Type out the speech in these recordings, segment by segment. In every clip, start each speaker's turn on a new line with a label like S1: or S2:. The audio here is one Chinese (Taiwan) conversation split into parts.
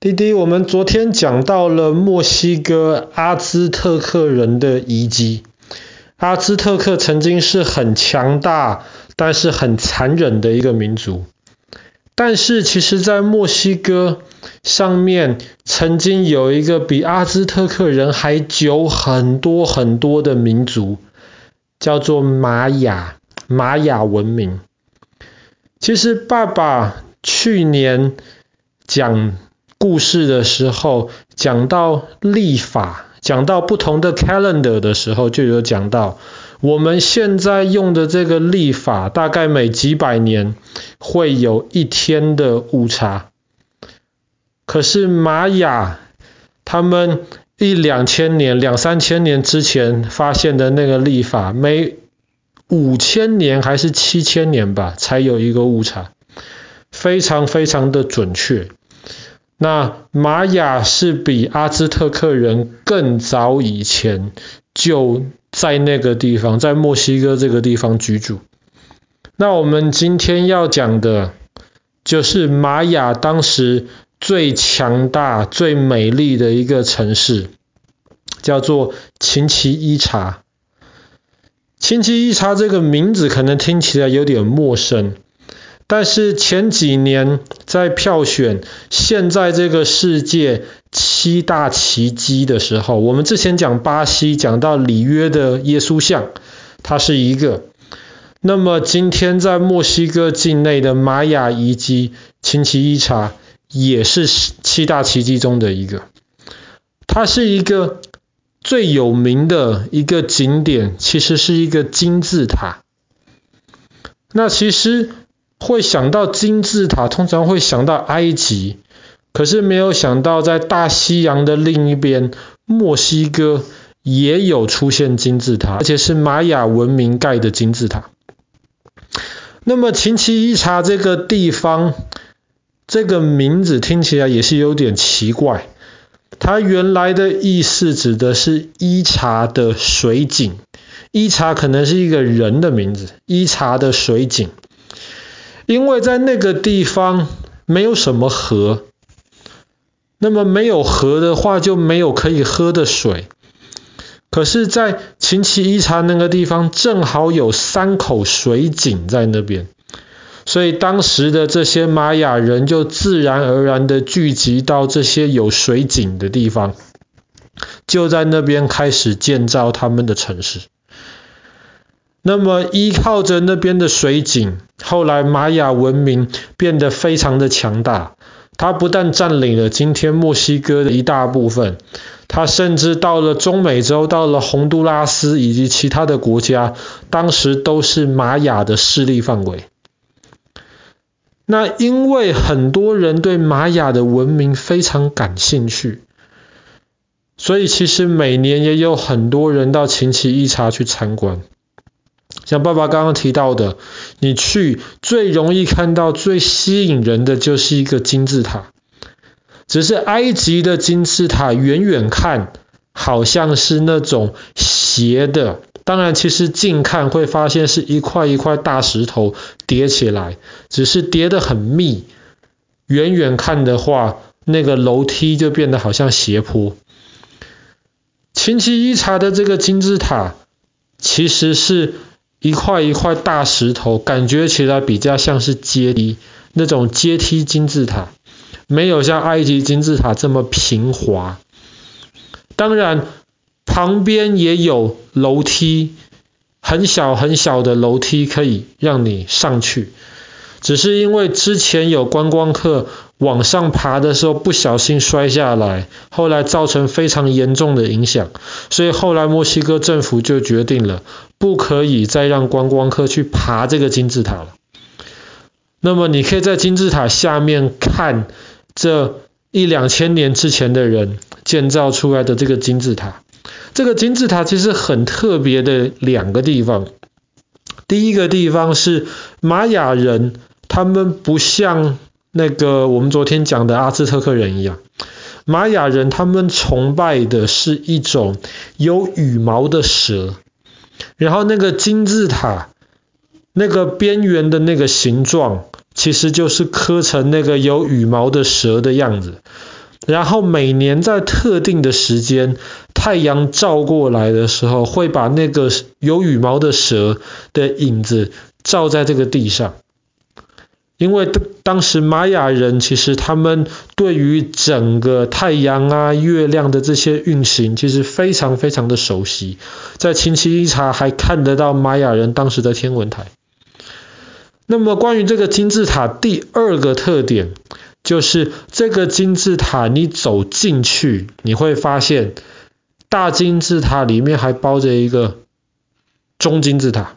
S1: 滴滴，我們昨天講到了墨西哥阿茲特克人的遺跡。阿茲特克曾經是很強大，但是很殘忍的一個民族。但是其實，在墨西哥上面曾經有一個比阿茲特克人還久很多很多的民族，叫做瑪雅。瑪雅文明。其實爸爸去年講。故事的時候講到曆法，講到不同的 calendar 的時候，就有講到我們現在用的這個曆法，大概每幾百年會有一天的誤差。可是瑪雅他們一兩千年、兩三千年之前發現的那個曆法，每五千年還是七千年吧，才有一個誤差，非常非常的準確。那瑪雅是比阿茲特克人更早以前就在那個地方，在墨西哥這個地方居住。那我們今天要講的，就是瑪雅當時最強大、最美麗的一個城市，叫做琴奇伊查。琴奇伊查這個名字可能聽起來有點陌生。但是前幾年在票選現在這個世界七大奇蹟的時候，我們之前講巴西講到裡約的耶穌像，它是一個。那麼今天在墨西哥境內的瑪雅遺跡契琴伊薩也是七大奇蹟中的一個，它是一個最有名的一個景點，其實是一個金字塔。那其實。會想到金字塔，通常會想到埃及，可是沒有想到在大西洋的另一邊，墨西哥也有出現金字塔，而且是瑪雅文明蓋的金字塔。那麼，契琴伊薩這個地方，這個名字聽起來也是有點奇怪。它原來的意思指的是伊薩的水井，伊薩可能是一個人的名字，伊薩的水井。因為在那個地方沒有什麼河，那麼沒有河的話就沒有可以喝的水。可是，在契琴伊薩那個地方正好有三口水井在那邊，所以當時的這些瑪雅人就自然而然的聚集到這些有水井的地方，就在那邊開始建造他們的城市。那麼依靠着那邊的水井，後來瑪雅文明變得非常的強大。它不但佔領了今天墨西哥的一大部分，它甚至到了中美洲，到了洪都拉斯以及其他的國家，當時都是瑪雅的勢力範圍。那因為很多人對瑪雅的文明非常感興趣，所以其實每年也有很多人到契琴伊薩去參觀。像爸爸剛剛提到的，你去最容易看到、最吸引人的就是一個金字塔。只是埃及的金字塔遠遠看好像是那種斜的，當然其實近看會發現是一塊一塊大石頭疊起來，只是疊得很密。遠遠看的話，那個樓梯就變得好像斜坡。契琴伊薩的這個金字塔其實是，一塊一塊大石頭，感覺起來比較像是階梯，那種階梯金字塔，沒有像埃及金字塔這麼平滑。當然，旁邊也有樓梯，很小很小的樓梯可以讓你上去，只是因為之前有觀光客。往上爬的時候不小心摔下來，後來造成非常嚴重的影響，所以後來墨西哥政府就決定了，不可以再讓觀光客去爬這個金字塔了。那麼你可以在金字塔下面看這一兩千年之前的人建造出來的這個金字塔。這個金字塔其實很特別的兩個地方，第一個地方是瑪雅人，他們不像那個我們昨天講的阿茲特克人一樣，瑪雅人他們崇拜的是一種有羽毛的蛇，然後那個金字塔那個邊緣的那個形狀，其實就是刻成那個有羽毛的蛇的樣子，然後每年在特定的時間，太陽照過來的時候，會把那個有羽毛的蛇的影子照在這個地上。因為當時瑪雅人其實他們對於整個太陽啊、月亮的這些運行，其實非常非常的熟悉。在契琴伊薩還看得到瑪雅人當時的天文台。那麼關於這個金字塔，第二個特點就是這個金字塔，你走進去你會發現，大金字塔裡面還包着一個中金字塔，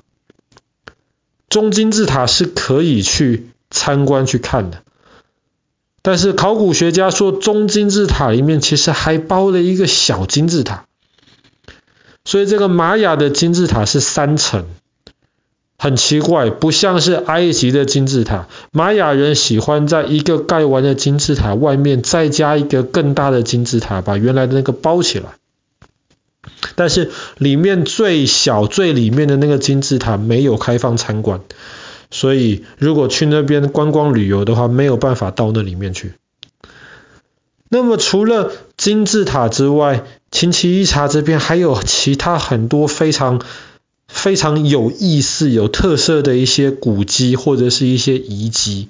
S1: 中金字塔是可以去。參觀去看的，但是考古學家說，中金字塔裡面其實還包了一個小金字塔，所以這個瑪雅的金字塔是三層，很奇怪，不像是埃及的金字塔。瑪雅人喜歡在一個蓋完的金字塔外面再加一個更大的金字塔，把原來的那個包起來，但是裡面最小最裡面的那個金字塔沒有開放參觀。所以，如果去那邊觀光旅遊的話，沒有辦法到那裡面去。那麼，除了金字塔之外，契琴伊薩這邊還有其他很多非常、非常有意思、有特色的一些古蹟或者是一些遺蹟。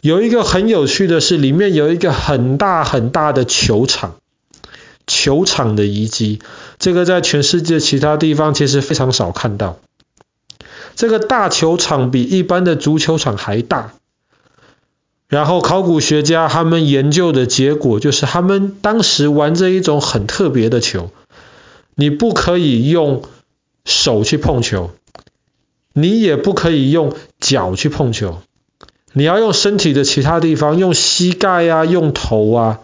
S1: 有一個很有趣的是，裡面有一個很大很大的球場，球場的遺蹟，這個在全世界其他地方其實非常少看到。這個大球場比一般的足球場還大。然後考古學家他們研究的結果，就是他們當時玩着一種很特別的球，你不可以用手去碰球，你也不可以用腳去碰球，你要用身體的其他地方，用膝蓋呀、啊，用頭啊，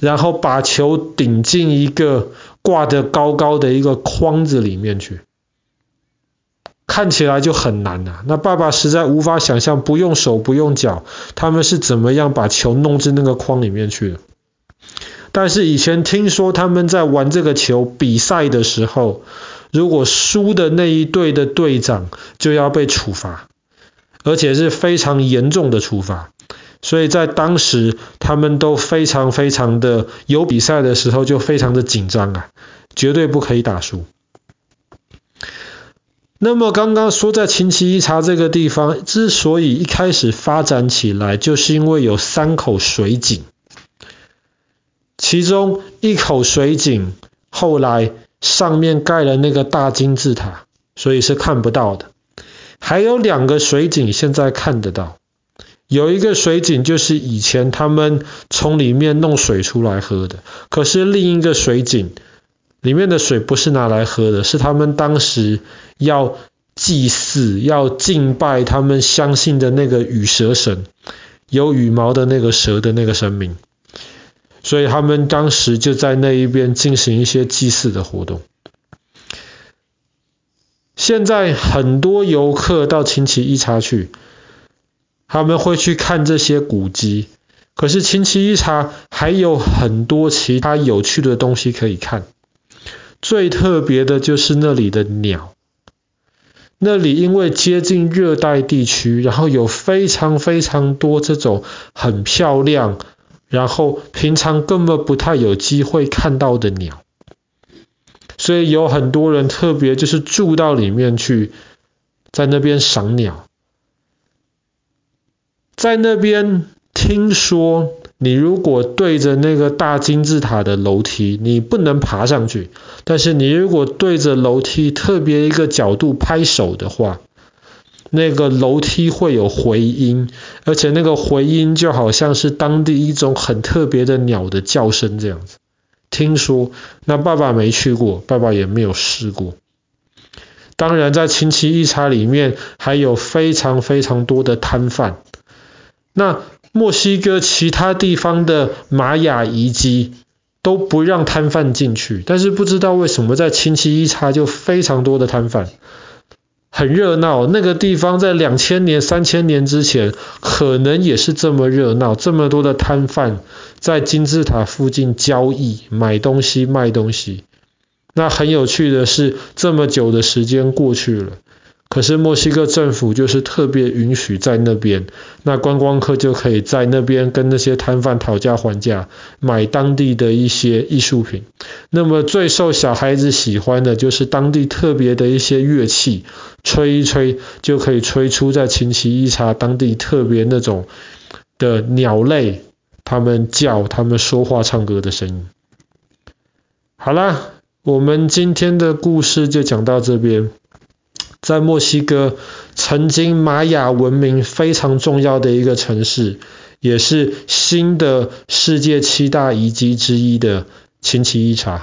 S1: 然後把球頂進一個掛得高高的一個框子裡面去。看起來就很難吶、啊，那爸爸實在無法想象不用手不用腳，他們是怎麼樣把球弄進那個筐裡面去的。但是以前聽說他們在玩這個球比賽的時候，如果輸的那一隊的隊長就要被處罰，而且是非常嚴重的處罰，所以在當時他們都非常非常的有比賽的時候就非常的緊張啊，絕對不可以打輸。那麼剛剛說，在契琴伊薩這個地方，之所以一開始發展起來，就是因為有三口水井，其中一口水井後來上面蓋了那個大金字塔，所以是看不到的。還有兩個水井現在看得到，有一個水井就是以前他們從裡面弄水出來喝的，可是另一個水井。裡面的水不是拿來喝的，是他們當時要祭祀，要敬拜他們相信的那個羽蛇神，有羽毛的那個蛇的那個神明。所以他們當時就在那一邊進行一些祭祀的活動。現在很多遊客到契琴伊薩去，他們會去看這些古蹟，可是契琴伊薩還有很多其他有趣的東西可以看。最特別的就是那裡的鳥，那裡因為接近熱帶地區，然後有非常非常多這種很漂亮，然後平常根本不太有機會看到的鳥，所以有很多人特別就是住到裡面去，在那邊賞鳥，在那邊聽說。你如果對着那個大金字塔的樓梯，你不能爬上去。但是你如果對着樓梯特別一個角度拍手的話，那個樓梯會有回音，而且那個回音就好像是當地一種很特別的鳥的叫聲這樣子。聽說，那爸爸沒去過，爸爸也沒有試過。當然，在契琴伊薩裡面還有非常非常多的攤販。那。墨西哥其他地方的瑪雅遺跡都不讓攤販進去，但是不知道為什麼在契琴伊薩就非常多的攤販，很熱鬧。那個地方在兩千年、三千年之前，可能也是這麼熱鬧，這麼多的攤販在金字塔附近交易、買東西、賣東西。那很有趣的是，這麼久的時間過去了。可是墨西哥政府就是特別允許在那邊，那觀光客就可以在那邊跟那些攤販討價還價，買當地的一些藝術品。那麼最受小孩子喜歡的就是當地特別的一些樂器，吹一吹就可以吹出在契琴伊薩當地特別那種的鳥類，他們叫、他們說話、唱歌的聲音。好啦，我們今天的故事就講到這邊。在墨西哥，曾經瑪雅文明非常重要的一個城市，也是新的世界七大遺跡之一的契琴伊薩。